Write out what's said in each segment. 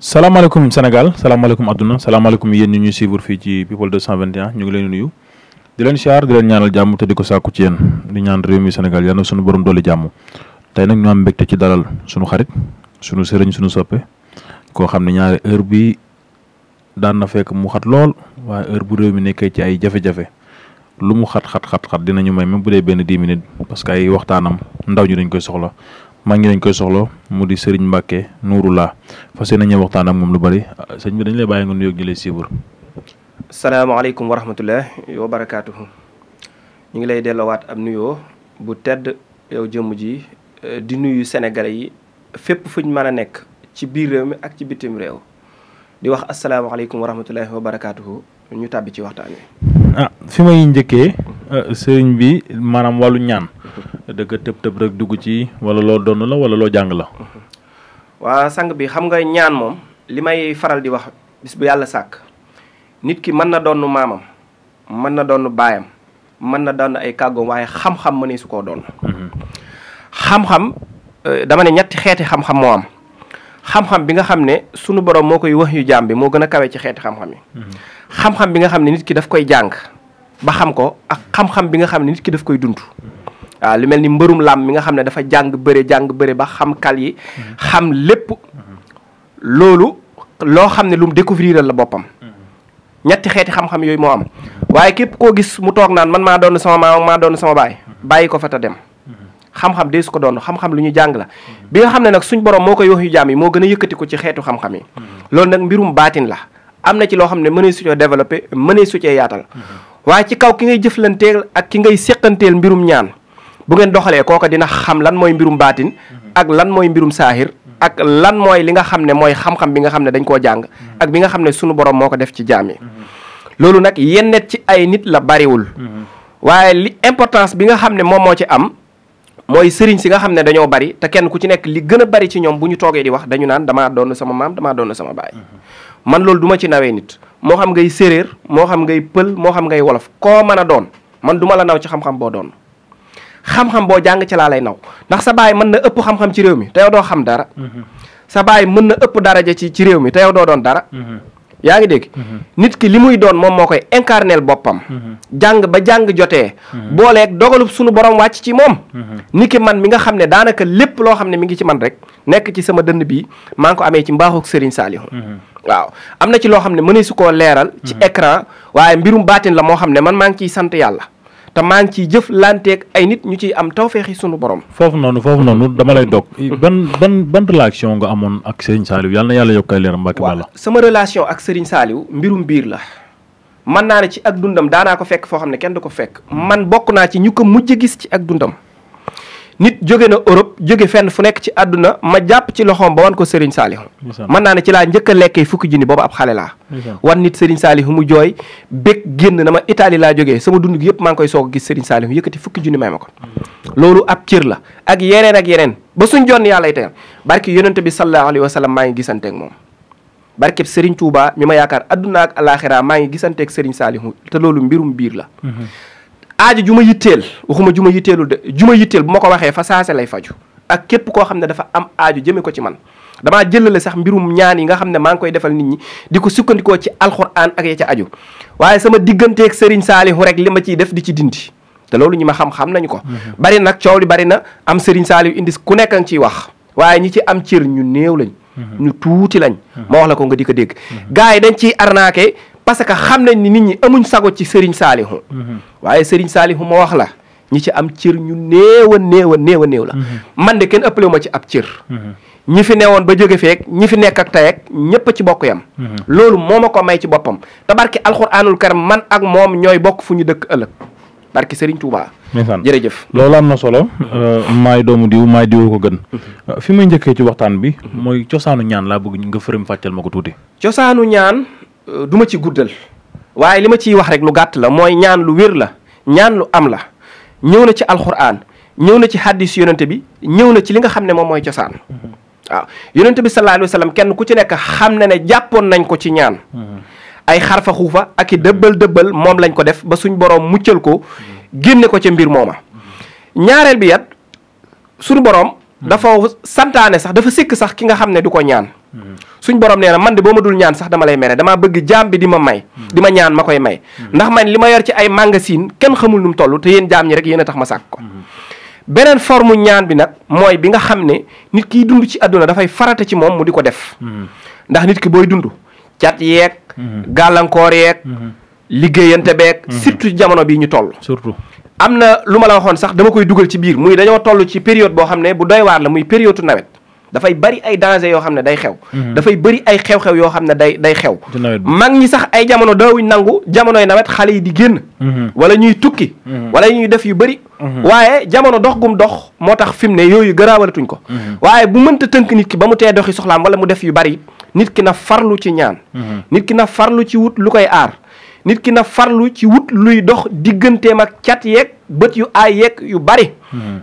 salaamaaleykum Sénégal salaamaaleykum adduna salaamaaleykum yéen ñi ñuy suivre fii ci People 221 ñu ngi leen nuyu di leen siyaar di leen ñaanal jàmm te di ko sàkku ci yéen di ñaan réew mi Sénégal yal na suñu borom doole jàmm tey nag ñu am mbégte ci dalal suñu xarit suñu sëriñ suñu soppe koo xam ne ñaari heure bi daan na fekk mu xat lool waaye heure bu réew mi nekkee ci ay jafe-jafe lu mu xat xat xat xat dinañu may même bu dee benn dii minutes parce que ay waxtaanam ndaw ñi dañ koy soxla maa ngi lañ koy soxloo mu di sëriñ Mbacke Nouroullah fas yéene nañu waxtaan ak moom lu bari sëñ bi dañu lay bàyyi nga nuyoog ñu lay siibur. salaamaaleykum wa rahmatulah wa ñu ngi lay delloowaat ab nuyoo bu tedd jëmm ji eh, di nuyu Sénégalais yi fépp fuñ mën a nekk ci biir réew mi ak ci bitim réew di wax asalaamaaleykum wa rahmatulah wa barakaatuhu ñu tàbbi ci waxtaan wi. ah fi may njëkkee eh, sëriñ bi maanaam wallu ñaan. dëgg dugg ci wala loo donn la wala loo jàng la. waa sang xam nga ñaan moom li may faral di wax bis yàlla sàkk nit ki mën na doon maamam mën na doon baayam mën na doon ay kàggoom waaye xam-xam mënee su koo doon. Mhm. Euh, dama ne ñetti xeeti xam-xam moo am xam-xam bi nga xam ne sunu borom moo koy wax yu jaam bi moo gën a kawe ci xeeti xam-xam yi. Mhm. xam-xam bi nga xam ne nit ki daf koy jàng ba xam ko ak xam-xam bi nga xam ne nit ki daf koy dund. Mhm. waaw lu mel ni mbërum làmb mi nga xam ne dafa jàng bëre jàng bëre ba xam kal yi xam lépp loolu loo xam ne lu mu découvrir la boppam ñetti xeeti xam-xam yooyu moo am waaye képp koo gis mu toog naan man maa doon sama maa maa doon sama baay bàyyi ko fa te dem xam-xam de su ko doon xam-xam lu ñu jàng la bi nga xam ne nag suñ borom moo koy wax yu jaam yi moo gën a yëkkati ko ci xeetu xam-xam yi loolu nag mbirum baatin la am na ci loo xam ne mën su cee développé mënee su cee yaatal waaye ci kaw mbirum ñaan bu ngeen doxalee kooka dina xam lan mooy mbirum baatin ak lan mooy mbirum saahir ak lan mooy li nga xam ne mooy xam-xam bi nga xam ne dañ koo jàng ak bi nga xam ne sunu borom moo ko def ci jaam loolu nag yennet ci ay nit la bariwul waaye li importance bi nga xam ne moom moo ci am mooy sëriñ si nga xam ne dañoo bari te kenn ku ci nekk li gën a bari ci ñoom bu ñu toogee di wax dañu naan damaa doon sama maam damaa doon sama baay man loolu du ci nawee nit moo xam ngay séréer moo xam ngay pël moo xam ngay wolof koo mën a doon man duma la naw ci xam-xam boo doon xam-xam boo jàng ci laa lay naw ndax sa baay mën na ëpp xam-xam ci réew mi te yow doo xam dara mm-hmm. sa baay mën na ëpp daraja ci ci réew mi te yow doo doon dara mm-hmm. yaa ngi dégg mm-hmm. nit ki li muy doon moom moo koy incarneel boppam jàng ba jàng jotee booleek dogalu sunu borom wàcc ci moom ni ki man mi nga xam ne daanaka lépp loo xam ne mi ngi ci man rek nekk ci sama dënn bi maa ngi ko amee ci mbaaxook Serigne Saliou waaw am na ci loo xam ne su ko leeral ci écran waaye mbirum la moo xam ne man maa ngi ciy sant yàlla te maa ngi ciy jëf lanteeg ay nit ñu ciy am tawféexi sunu borom. foofu noonu foofu noonu dama lay dog hmm. ban ban ban relation nga amoon ak Serigne Saliou yàlla yàlla yokk ay leeram Mbacke Balla. sama relation ak Serigne Saliou mbirum biir la man naa ne ci ak dundam daanaa ko fekk foo xam ne kenn du ko fekk. man bokk naa ci ñu ko mujj gis ci ak dundam. nit jóge na Europe jóge fenn fu nekk ci àdduna ma jàpp ci loxoom ba wan ko Serigne Saliou mën naa ne ci laa njëkk lekkee fukki junni boobu ab xale laa wan nit Serigne Saliou mu jooy bég génn na ma Italie laa jógee sama dund gi yëpp maa ngi koy soo a gis Serigne Saliou yëkkati fukki junni may ma ko mm. loolu ab cër la ak yeneen ak yeneen ba suñ jon yàlla tey barki yonente bi sallallahu alayhi wa sallam maa ngi gisante ak moom barkeb Serigne Touba mi ma yaakaar àdduna ak alaxira maa ngi gisanteeg sëriñ Saliou te loolu mbirum biir la mm-hmm. aajo juma ma yitteel waxuma ju ma yitteelul de juma ma yitteel bu ma ko waxee fa saase lay faju ak képp koo xam ne dafa am aajo jëme ko ci man damaa jëlale sax mbirum ñaan yi nga xam ne maa ngi koy defal nit ñi di ko sukkandikoo ci alxuraan ak ya ca aju waaye sama digganteeg Serigne Saalihu rek li ma ciy def di ci dindi te loolu ñi ma xam-xam nañu ko mhm. bari nag coow li bari na am Serigne Saalihu indi ku nekk nga ciy wax waaye ñi ci am cër ñu néew lañ mhm. ñu tuuti lañ mhm. ma wax la ko nga di ko dégg gars yi dañ parce que xam nañ ni nit ñi amuñ sago ci sëriñ saalihu mhm. waaye sëriñ saalihu ma wax la ñi ci am cër ñu néew a néew a néew la mhm. man de kenn ëppale ma ci ab cër mhm. ñi fi newoon ba jóge feek ñi fi nekk ak tey ak ñépp ci bokk yam loolu moo ma ko may ci boppam te barki alxuraanul karam man ak moom ñooy bokk fu ñu dëkk ëllëg barki sëriñ Touba jërëjëf loolu am na solo euh, maay doomu diw maay diwoo ko gën euh, fi may njëkkee ci waxtaan bi mooy cosaanu ñaan laa bëgg nga fërëm fàccal ma ko tuuti cosaanu ñaan Euh, duma ma ci guddal waaye li ma ciy wax rek lu gàtt la mooy ñaan lu wér la ñaan lu am la ñëw na ci alxuraan ñëw na ci hadis yonente bi ñëw na ci li nga xam ne moom mooy cosaan mm-hmm. waaw yonente bi sallallahu alayhi kenn ku ci nekk xam ne ne jàppoon nañ ko ci ñaan mm-hmm. ay xarfa xuufa ak i dëbbal dëbbal moom lañ ko def ba suñ boroom muccal ko mm-hmm. génne ko ca mbir mooma ñaareel bi yat suñu boroom dafa santaane sax dafa sikk sax ki nga xam ne du ko ñaan suñ borom nee na man de boo ma dul ñaan sax dama lay mere damaa bëgg jaam bi di ma may di ma ñaan ma koy may ndax man li ma yor ci ay magasin kenn xamul nu mu toll te yéen jaam ñi rek yéen a tax ma sàkk ko beneen forme ñaan bi nag mooy bi nga xam ne nit kiy dund ci àdduna dafay farata ci moom mu di ko def ndax nit ki booy dund cat yeeg gàllankoor yeeg liggéeyante beeg surtout jamono bii ñu toll surtout am na lu ma la waxoon sax dama koy dugal ci biir muy dañoo toll ci période boo xam ne bu doy waar la muy période nawet dafay bari ay danger yoo xam ne day xew mhm. dafay bëri ay xew-xew yoo xam ne day day xew mag ñi sax ay jamono daawuñ nangu jamonoy nawet xale yi di génn mhm. wala ñuy tukki mhm. wala ñuy def yu bëri waaye jamono dox gum dox moo tax fi mu ne yooyu garaawalatuñ ko waaye bu mënta tënk nit ki ba mu tee doxi soxlaam wala mu def yu bari nit ki na farlu ci ñaan nit ki na farlu ci wut lu koy aar nit ki na farlu ci wut luy dox digganteem ak cat yeeg bët yu aay yeeg yu bari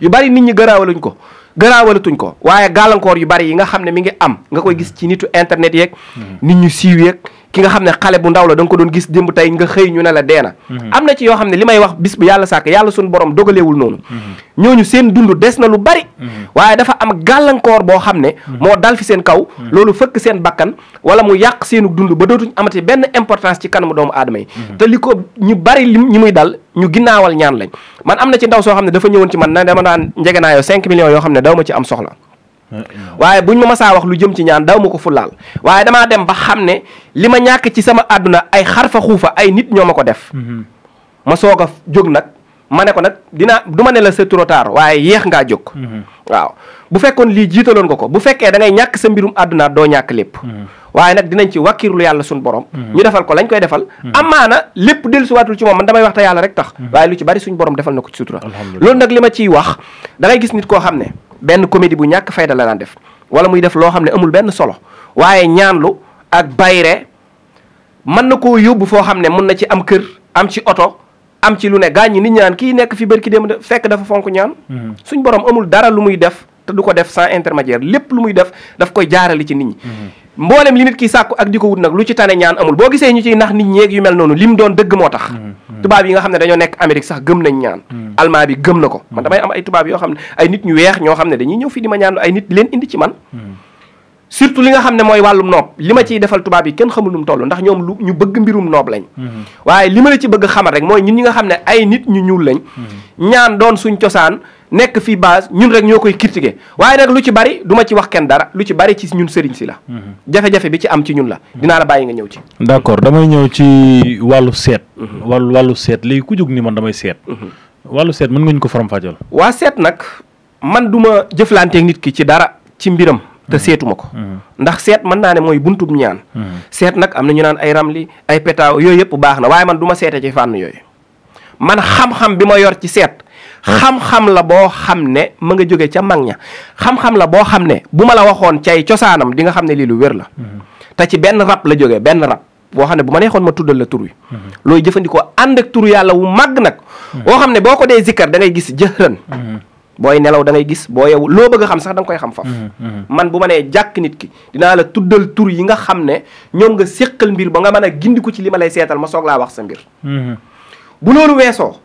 yu bari nit ñi garaawaluñ ko gëraawalatuñ ko waaye gàllankoor yu bari yi nga xam ne mi ngi am nga koy gis ci nitu internet yeeg hmm. nit ñu siiw yeeg ki nga xam ne xale bu ndaw la da nga ko doon gis démb tey nga xëy ñu ne la dee na mhm. am na ci yoo xam ne li may wax bis bu yàlla sàkk yàlla suñu borom dogalewul noonu mhm. ñooñu seen dund des na lu bari mhm. waaye dafa am gàllankoor boo xam ne moo dal fi seen kaw loolu fëkk seen bakkan wala mu yàq seenu dund ba dootuñ amati benn importance ci kanamu doomu aadama yi te li ko ñu bari li ñi muy dal ñu ginnaawal ñaan lañ man am na ci ndaw soo xam ne dafa ñëwoon na dama daan njege naa yoo cinq millions xam ne daw ma ci am soxla waaye bu buñ ma masaa wax lu jëm ci ñaan daw ma ko fulaal waaye damaa dem ba xam ne li ma ñàkk ci sama àdduna ay xarfa xuufa ay nit ñoo ma ko def mm-hmm. ma soog a jóg nag ma ne ko nag dinaa du ma ne la c'est trop waaye yéex ngaa jóg mm-hmm. waaw bu fekkoon lii jiitaloon ko ko bu fekkee da ngay ñàkk sa mbirum àdduna doo ñàkk lépp mm-hmm. waaye nag dinañ ci wàkkirlu yàlla suñ borom mm-hmm. ñu defal ko lañ koy defal mm-hmm. amaana lépp dellusiwaatul ci moom man damay wax yàlla rek tax mm-hmm. waaye lu ci bari suñ borom defal na ko ci sutura loolu nag li ma ciy wax da gis nit koo xam ne benn comédie bu ñàkk fayda la daan def wala muy def loo xam ne amul benn solo waaye ñaanlu ak bayre mën na koo yóbbu foo xam ne mun na ci am kër am ci oto am ci lu ne ñi nit ñaan kii nekk fi bërki dem fekk dafa fonk ñaan suñ borom amul dara lu muy def te du ko def sans intermédiaire lépp lu muy def daf koy jaarale ci nit ñi mboolem li nit ki sàkku ak di ko wut nag lu ci tane ñaan amul boo gisee ñu ciy nax nit ñeeg yu mel noonu lim doon dëgg moo tax mm, mm. tubaab yi nga xam ne dañoo nekk Amérique sax gëm nañ ñaan mm. almaa bi gëm na ko man damay am ay tubaab yoo xam ne ay nit ñu weex ñoo xam ne dañuy ñëw fii di ma ñaan ay nit leen indi ci man surtout li nga xam ne mooy wàllum noob li ma ciy defal tubaab yi kenn xamul tollu ndax ñoom lu ñu bëgg mbirum noob lañ mm-hmm. waaye li ma la ci bëgg xamal rek mooy ñun ñi nga xam ne ay nit ñu ñuul lañ mm-hmm. ñaan doon suñ cosaan nekk fii base ñun rek ñoo koy critiquer waaye rek lu ci bari du ma ci wax kenn dara lu ci bari ci ñun sëriñ si la mm-hmm. jafe-jafe bi ci am ci ñun la dinaa la bàyyi nga ñëw ci d'accord damay ñëw ci wàllu seet wàllu wàllu seet li ku jóg ni man damay seet wàllu seet mën nga ko faram fàjjal waa seet nag man du ma jëflanteeg nit ci dara ci mbiram te seetuma ko mm-hmm. ndax seet mën naa ne mooy buntub ñaan mm-hmm. seet nag am na ñu naan ay ramli ay pétaaw yooyu yëpp baax na waaye man du ma seete ci fànn yooyu man xam-xam bi ma yor ci seet mm-hmm. xam-xam la boo xam ne ma nga jóge ca mag ña xam-xam la boo xam ne bu ma la waxoon cay cosaanam di nga xam ne lii lu wér la te ci benn rab la jógee benn rab boo xam ne bu ma neexoon ma tuddal la tur wi looy jëfandikoo ànd ak yàlla wu màgg nag boo xam ne boo ko dee zikkar da ngay gis jëxran booy nelaw da ngay gis boo yow loo bëgg xam sax danga koy xam faf mm, mm. man bu ma nee nit ki dinaa la tuddal tur yi nga xam ne ñoom nga séqal mbir ba nga mën a gindiku ci li ma lay seetal ma soog wax sa mbir mm-hmm. weesoo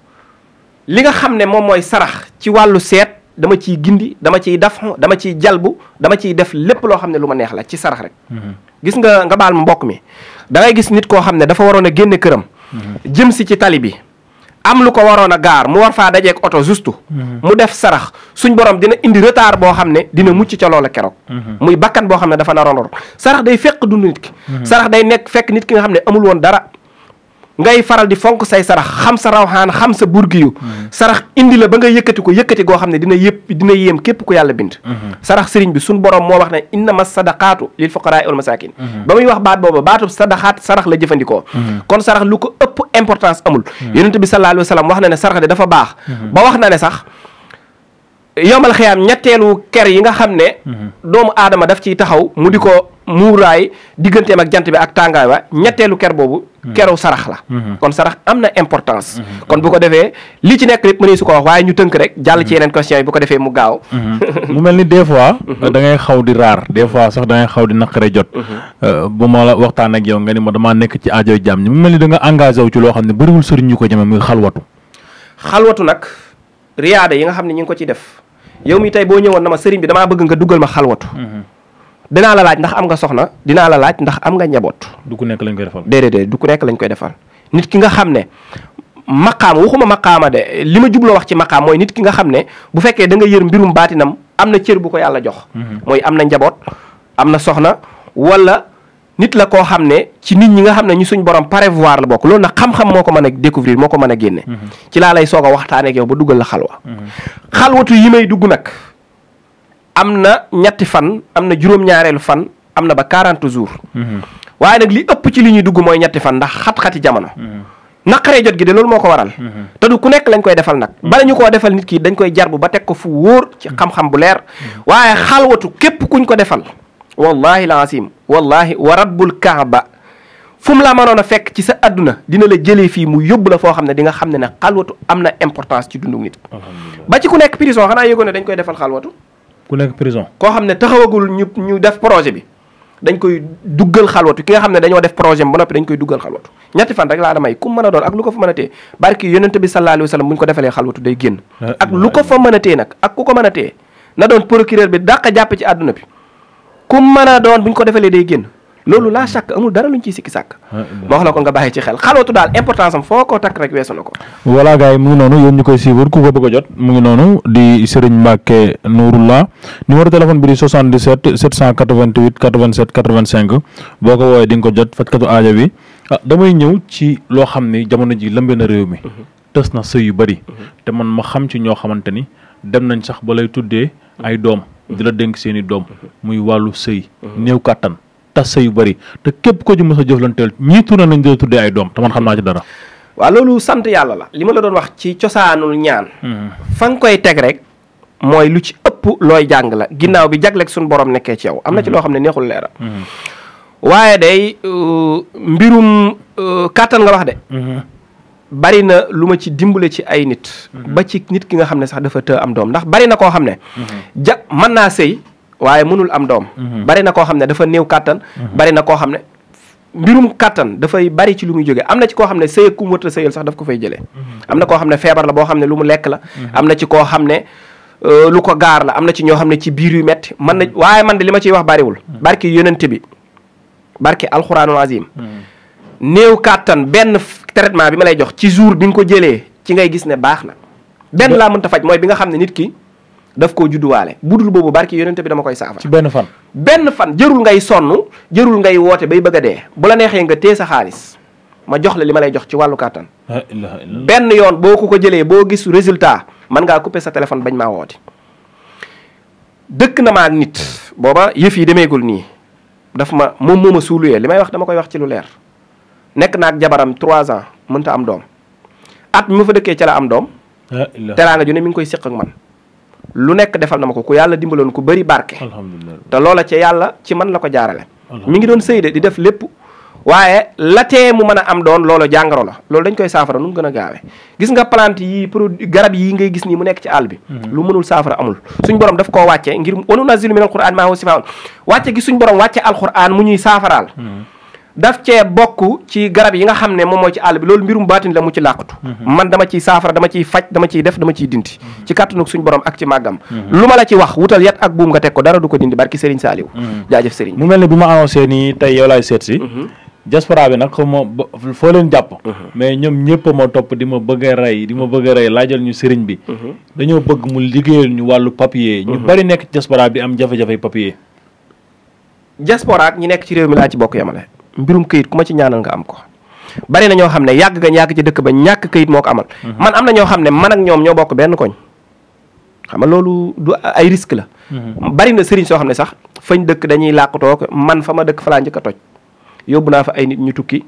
li nga xam ne moom mooy sarax ci wàllu seet dama ciy gindi dama ciy daf dama ciy jalbu dama ciy def lépp loo xam ne lu ma neex la ci sarax rek mm-hmm. gis nga nga baal ma mbokk mi dangay gis nit koo xam ne dafa waroon a génne këram mm-hmm. jëm si ci tali bi am lu ko waroon a gaar mu war faa dajeek oto juste mhm. mu def sarax suñ borom dina indi retard boo xam ne dina mucc ca loola keroog mhm. muy bakkan boo xam ne dafa naroon sarax day fekk dund nit ki mhm. sarax day nekk fekk nit ki nga xam ne amul woon dara ngay faral di fonk say sarax xam sa rawxaan xam sa burgiyu sarax indi la ba nga yëkkati ko yëkkati goo xam ne dina yëpp dina yéem képp ku yàlla bind sarax sëriñ bi suñ borom moo wax ne innama sadaqaatu lil fuqaraa wal masaakin ba muy wax baat booba baatub sadaqaat sarax la jëfandikoo kon sarax lu ko ëpp importance amul yonent bi sallallahu alayhi wa sallam wax na ne sarax dafa baax ba wax na ne sax yombal xiyaam ñetteelu ker yi nga xam ne mhm. doomu aadama daf ciy taxaw mu di ko muuraay digganteem ak jant bi ak tàngaay ba ñetteelu ker boobu mhm. keru sarax la mhm. kon sarax am na importance kon bu ko defee li ci nekk lépp mënee su ko wax waaye ñu tënk rek jàll ci yeneen question yi bu ko defee mu gaaw mu mel ni des fois da ngay xaw di raar des fois sax da ngay xaw di naqare jot euh, bu ma waxtaan ak yow nga ni ma damaa nekk ci aajo jàmm ñi mu mel ni danga nga engagé wu ci loo xam ne bëriwul sëriñ ñu ko jëme muy xalwatu xalwatu nag riyaada yi nga xam ne ñu ngi ko ci def yow mi tey boo ñëwoon na ma sëriñ bi damaa bëgg nga duggal ma xalwatu mhm. danaa la laaj ndax am nga soxna dinaa la laaj ndax am nga njaboot du ku nekk lañ koy defal déedéet du ko nekk lañ koy defal nit ki nga xam ne maqaam waxuma maqaama de li ma jubloo wax ci maqaam mooy nit ki nga xam ne bu fekkee da nga yër mbirum baatinam am na cër bu ko yàlla jox mhm. mooy am na njaboot am na soxna wala nit la koo xam ne ci nit ñi nga xam ne ñu suñ borom prévoir la bokk loolu nag xam-xam moo ko mën a découvrir moo ko mën a génne mhm. ci laa lay soog a waxtaanee ak yow ba duggal la xalwa mhm. xalwatu yi may dugg nag am na ñetti fan am na juróom-ñaareelu fan am na ba quarante jours mhm. waaye nag li ëpp ci li ñuy dugg mooy ñetti fan ndax xat-xati jamono naqaree jot gi de loolu moo ko waral te du ku nekk lañ koy defal nag bala ñu koo defal nit ki dañ koy jarbu ba teg ko fu wóor ci xam bu leer waaye xalwatu képp kuñ ko defal wallahi alazim wallahi wa rabbul kaaba fu mu la mënoon a fekk ci sa adduna dina la jëlee fii mu yóbbu la foo xam ne di nga xam ne ne xalwatu am na importance ci dundu nit ba ci ku nekk prison xanaa yëgoon ne dañ koy defal xalwatu ku nekk prison koo xam ne taxawagul ñu ñu def projet bi dañ koy duggal xalwatu ki nga xam ne dañoo def projet ba noppi dañ koy duggal xalwatu ñetti fan rek laa damay ku mën doon ak lu ko fa mën a téye bi sallallahu alayhi wa ko defalee xalwatu day génn ah, ak lu ah, ko ah. fa mën a téye nag ak ku ko mën a téye na doon procureur bi dàq jàpp ci àdduna bi ku mën a doon bu ñu ko defalee day génn loolu laa sàkk amul dara luñ ciy sikki sàkk ah, ma wax la ko nga bàyyi ci xel xalootu daal importance am foo ko takk rek weesu na ko voilà mu ngi noonu yéen ñu koy suivre ku ko bëgg a jot mu ngi noonu di Serigne Mbacke Nouroullah numéro téléphone bi di 77 788 87 85 boo ko woowee di ko jot fajkatu aajo bi ah damay ñëw ci loo xam ni jamono ji lëmbe na réew mi mhm. tës na sëy yu bëri mhm. te man ma xam ci ñoo xamante ni dem nañ sax ba lay tuddee ay doom di la dénk seeni doom mhm. muy wàllu sëy mhm. néew kàttan tas sëy yu bëri te képp ko ci mos a jëflanteel ñii tourné nañ dina tuddee ay doom te man xam naa ci dara waaw loolu sant yàlla la li ma la doon wax ci cosaanul ñaan mhm. fa nga koy teg rek mooy lu ci ëpp looy jàng la ginnaaw bi jagleeg sunu borom nekkee ci yow am na ci loo xam ne neexul leeral waaye day euh, mbirum euh, kàttan nga wax de bari na lu ma ci dimbale ci ay nit. Mhm. ba ci nit ki nga xam ne sax dafa të am doom ndax bari na koo xam ne. Mhm. ja mën naa sëy waaye mënul am doom. Mhm. bari na koo xam ne dafa néew kàttan. bari na koo xam ne mbirum kàttan dafay bari ci lu muy jógee am na ci koo xam ne sëy ku mu sëyal sax daf ko fay jëlee. am na koo xam ne feebar la boo xam ne lu mu lekk la. am na ci koo xam ne. Euh, lu ko gaar la am na ci ñoo xam ne ci biir yu metti man na waaye man de li ma ciy wax bariwul barki yonente bi barki alxuraanul azim néew kàttan benn traitement bi ma lay jox ci jour bi nga ko jëlee ci ngay gis ne baax na benn laa mënta faj mooy bi nga xam ne nit ki daf koo judduwaale bu dul boobu barki yonente bi dama koy saafara ci benn fan benn fan jërul ngay sonn jërul ngay woote bay bëgg dee bu la neexee nga tée sa xaalis ma jox la li ma lay jox ci wàllu kàttan benn yoon boo ko ko jëlee boo gis résultat man ngaa couper sa téléphone bañ maa woote dëkk na ma nit booba yëf yi demeegul nii daf ma moom moo ma suuluyee li may wax dama koy wax ci lu leer nekk naag jabaram trois ans mënta am doom at mi ma fa dëkkee ca la am doom teraanga ju ne mi ngi koy séq ak man lu nekk defal na ma ko ku yàlla dimbaloon ko bari barke te loola ca yàlla ci man la ko jaarale mi ngi doon sëy de di def lépp waaye la tee mu man a am doon loolu jàngoro la loolu dañ koy saafara nu mu gën a gaawee gis nga plante yi produit garab yii ngay gis nii mu nekk ci àll bi mm-hmm. lu mënul saafara amul suñ borom def koo wàcce ngir wanu nazilu min alquran maa huwa sifaa wàcce gi suñ mu ñuy saafaraal mm-hmm. daf cee bokk ci garab yi nga xam ne moom mooy ci àll bi loolu mbirum baatin la mu ci làqatu mhm. man dama ciy saafara dama ciy faj dama ciy def dama ciy dindi mhm. ci kàttanug suñ borom ak ci màggam mhm. lu ma la ci wax wutal yat ak buum nga teg ko dara du ko dindi barki Serigne Saliou jaajëf Serigne mu mel ne bi ma annoncé nii tey yow laay seet si diaspora bi nag xaw ma foo leen jàpp mais ñoom ñëpp ma topp di ma bëgg a rey di ma bëgg a rey laajal ñu sëriñ bi dañoo bëgg mu liggéeyal ñu wàllu papier ñu bari nekk diaspora bi am jafe-jafe papier diaspora ñi nekk ci réew mi laa ci bokk yamale mbirum këyit ku ma ci ñaanal nga am ko bari na ñoo xam ne yàgg gañ yàgg ci dëkk ba ñàkk këyit moo ko mhm. man am na ñoo xam ne man ak ñoom ñoo bokk benn koñ xam nga loolu du ay risque la mhm. bari na sëriñ soo xam ne sax fañ dëkk dañuy làqutoo man fa ma dëkk fa njëkk a toj naa fa ay nit ñu tukki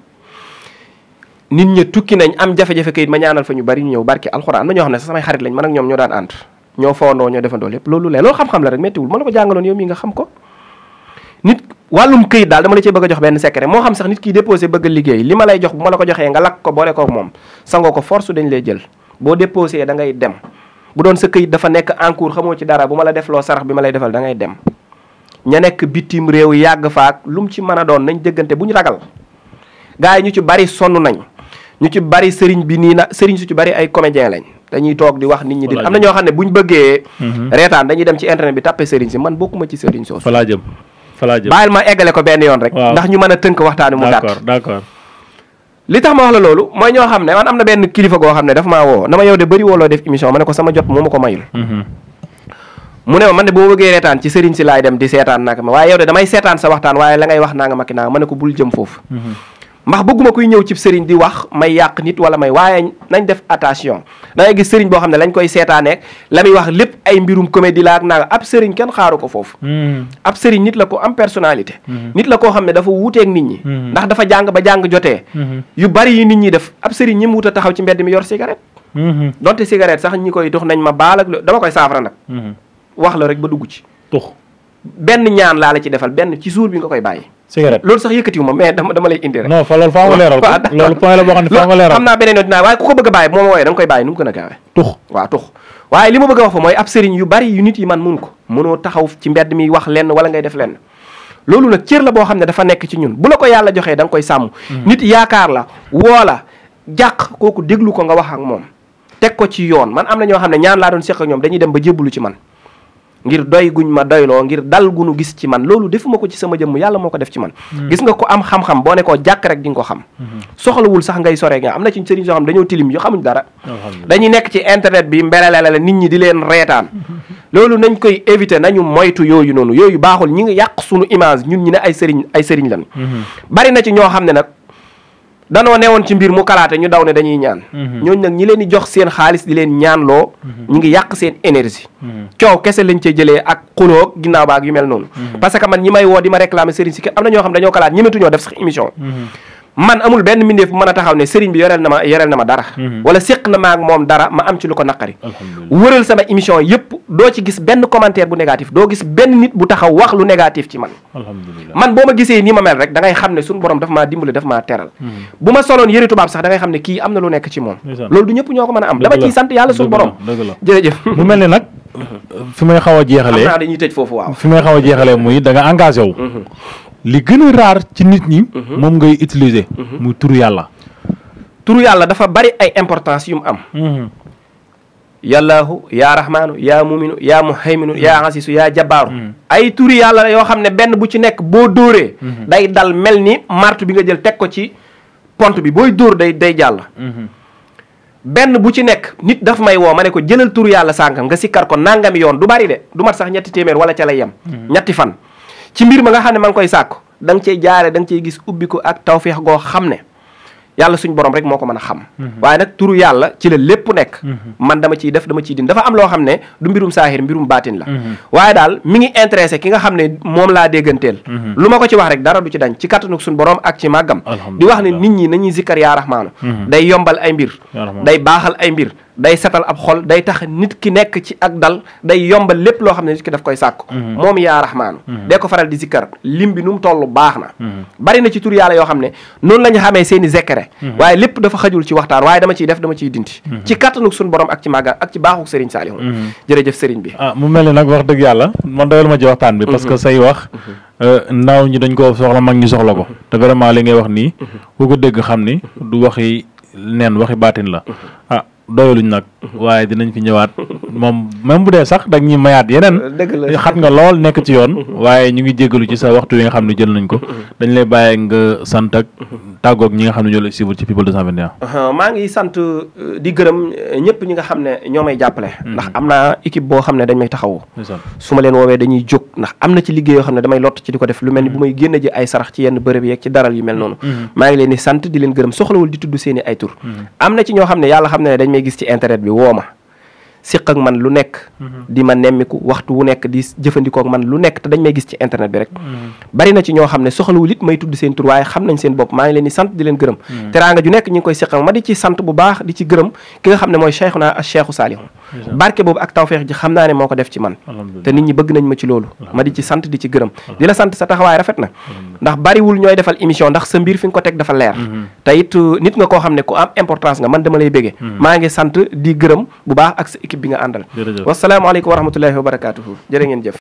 nit tukki nañ am jafe-jafe kayit ma ñu bari ñu ñëw barki alxuraan am ne sax xarit lañ man ak ñoom ñoo daan ànd ñoo fawandoo ñoo defandoo lépp loolu lee loolu xam-xam la rek méttiwul mën na ko jàngaloon yow mii nga xam ko nit wàllum këyit daal dama la cee bëgg a jox benn secret moo xam sax nit kiy déposé bëgg a liggéey li ma lay jox bu ma la ko joxee nga lakk ko boole ko moom sangoo ko force dañ lay jël boo déposé da ngay dem bu doon sa këyit dafa nekk en xamoo ci dara bu ma defloo sarax bi ma defal da ngay dem ña nekk bitim réew yàgg faak lu mu ci mën a doon nañ dëggante bu ñu ragal gaa yi ñu ci bari sonn nañ ñu ci bari sëriñ bi nii nag sëriñ su ci bari ay comédien lañ dañuy toog di wax nit ñi di am na ñoo xam ne bu ñu bëggee mhm. reetaan dañuy dem ci internet bi tapé sëriñ si man bokkuma ci sëriñ soosu falaa jëm bàyyil ma eggale ko benn yoon rek. ndax ñu mën a tënk waxtaan mu gàtt. d'accord d'accord. li tax ma wax la loolu mooy ñoo xam ne man am na benn kilifa goo xam ne dafa maa woo na ma yow de bëri woo def émission ma ne ko sama jot moo ma ko mayul. Mhm. mu ne ma man de boo bëggee reetaan ci sëriñ si laay dem di seetaan naka ma waaye yow de damay seetaan sa waxtaan waaye la ngay wax naa nga makki naa ma ne ko bul jëm foofu. Mhm. ndax bëgguma kuy ñëw cib sëriñ di wax may yàq nit wala may waaye nañ def attention da ngay gis sëriñ boo xam ne lañ koy seetaaneek la muy wax lépp ay mbirum comédie la ak naa ab sëriñ kenn xaaru ko foofu hmm. ab sëriñ nit la ko am personnalité hmm. nit la koo xam ne dafa wuuteeg nit ñi hmm. ndax dafa jàng ba jàng jotee yu bari yi nit ñi def ab sëriñ ñi mu wut taxaw ci mbedd mi yor cigarette donte cigarette sax ñi koy tux nañ ma baal ak dama koy saafara wax la rek ba dugg ci benn ñaan laa la ci defal benn ci suur bi nga koy bàyyi. cigarette loolu sax yëkkatiwu ma mais dama dama lay indi rek. non fa loolu faa nga leeral loolu leeral ko a bàyyi moo ma wooyee da nga koy bàyyi nu mu gën a gaawee. tux waaw tux waaye li ma bëgg a wax fa mooy ab sëriñ yu bari moom nit yi man mun ko mënoo taxaw ci mbedd mi wala ngay def lenn loolu nag la boo xam ne dafa nekk ci ñun bu la ko yàlla joxee da nga koy sàmm hmm. nit yaakaar la woo la jàq kooku déglu ko nga wax ak moom teg ko ci yoon man am na ñoo xam ne ñaan laa doon seq ñoom dañuy dem ba jébbalu ci man ngir doy guñ ma doyloo ngir dal gunu gis ci man loolu defuma ko ci sama jëmm yàlla moo ko def ci man hmm. gis nga ko am xam-xam boo ne koo jàkk rek di nga ko xam hmm. soxlawul sax ngay soree nga am na ci sëriñ soo xam dañoo tilim yoo xamuñ dara dañuy nekk ci internet bi mbelelele nit ñi di leen reetaan loolu nañ koy éviter nañu moytu yooyu noonu yooyu baaxul ñi ngi yàq sunu image ñun ñi ne ay sëriñ ay sëriñ lan hmm. bari na ci ñoo xam ne danoo woon ci mbir mu kalaate ñu daw ne dañuy ñaan mhm. ñooñ nag ñi leen di jox seen xaalis di leen ñaan ñaanloo mhm. ñu ngi yàq seen énergie mhm. coow kese lañ cee jëlee ak xuloo ginnaaw baak yu mel noonu parce que man ñi may woo di ma réclamer sëriñ si am na ñoo xam dañoo kalaat ñemetuñoo def sax émission man amul benn mbindeef bu mën a taxaw ne sëriñ bi yoreel na ma yoreel na ma dara wala séq na maak moom dara ma am ci lu ko naqari wëral sama émission yëpp doo ci gis benn commentaire bu négatif doo gis benn nit bu taxaw wax lu négatif ci man. alhamdulilah man boo ma gisee nii ma mel rek da ngay xam ne suñu borom daf maa dimbale daf maa teral. Hmm. bu ma soloon yëre tubaab sax da xam ne kii am na lu nekk ci moom. loolu du ñëpp ñoo ko mën a mel ne nag fi xaw a jeexalee am naa dañuy tëj foofu waaw. fi may xaw a jeexalee muy da nga engagé wu. Mhm. li gën a raar ci nit ñi. Mhm. moom ngay utiliser. Mhm. muy turu yàlla. turu yàlla dafa bari ay importance yu mu am yallaahu yaa rahmaanu yaa muminu yaa muhayminu yaa mm-hmm. asisu yaa jabaaru mm-hmm. ay turi yàlla yoo xam ne benn bu ci nekk boo dóoree mm-hmm. day dal mel ni martu bi nga jël teg ko ci pont bi booy dóor day day jàll benn bu ci nekk nit daf may woo ma ne ko jëlal turu yàlla sànkam nga sikkar ko nàngam yoon du bari de du mat sax ñetti téeméer wala ca lay yem ñetti fan ci mbir ma nga xam ne ma ngi koy sàkku da nga cey jaare da nga cey gis ubbi ko ak tawféex goo xam ne yàlla suñ borom rek moo ko mën a xam mhm. waaye nag turu yàlla ci la lépp nekk mhm. man dama ciy def dama ciy din dafa am loo xam ne du mbirum saahir mbirum baatin la mhm. waaye daal mi ngi intéressé ki nga xam ne moom laa dégganteel lu ma ko ci wax rek dara du ci dañ ci kattanuk suñ borom ak ci màggam di wax ne nit ñi nañuy zikkar yaa rahmaanu day yombal ay mbir day baaxal ay mbir day setal ab xol day tax nit ki nekk ci ak dal day yombal lépp loo xam ne nit ki daf koy sàkk mhm. moom yaa raxmaanu mhm. dee ko faral di zikkar lim bi nu mu toll baax na mhm. bari na ci tur yàlla yoo xam ne noonu la ñu xamee seen i zekere waaye lépp dafa xajul ci waxtaan waaye dama ciy def dama ciy dindi ci kattanuk suñu borom ak ci màggal ak ci baaxuk sëriñ Saalihu jërëjëf sëriñ bi ah mu mel ni nag wax dëgg yàlla man doyal ma ci waxtaan bi parce say wax euh, ndaw ñi dañ koo soxla mag ñi soxla ko te vraiment li ngay wax nii ku ko dégg xam ni du waxi neen waxi baatin la ah, doyaluñ nag waaye dinañ fi ñëwaat moom même bu dee sax dag ñuy mayaat yeneen xat nga lool nekk ci yoon waaye ñu ngi jégalu ci sa waxtu wi nga xam ne jël nañ ko dañ lay bàyyi nga sant ak tàggoog ñi nga xam ne ñoo lay suivre ci people 221 maa ngi sant euh, di gërëm euh, ñëpp ñi nga xam ne ñoo may jàppale hmm. ndax am naa équipe boo xam ne dañ may taxawu su ma leen woowee dañuy jóg ndax am na ci liggéey yoo xam ne damay lott ci di ko def lu mel ni bu may génn ji ay sarax ci yenn bërëb yeeg ci daral yu mel noonu hmm. maa ngi leen sant di leen gërëm soxlawul di tudd seeni ay tur hmm. am na ci bi woo ma siq ak man lu nekk. Mhm. di ma nemmiku waxtu wu nekk di jëfandikoo man lu nekk te dañ may gis ci internet bi rek. Mhm. bari na ci ñoo xam ne soxlawul it may tudd seen tur waaye xam nañ seen bopp maa ngi sant di gërëm. Mhm. ma di ci sant bu baax di ci gërëm ki nga xam ak naa ne moo ko def ci man. te nit ñi bëgg nañ ma ci loolu. ma di ci sant di ci gërëm. di la sant sa taxawaay rafet na. ndax bariwul ñooy defal émission ndax sa mbir fi ko teg dafa leer. te it nit am importance nga man dama lay béggee. maa ngi sant di équipe bi nga àndal wasalaamaaleykum wa rahmatullahi wa barakaatuhu jërë ngeen jëf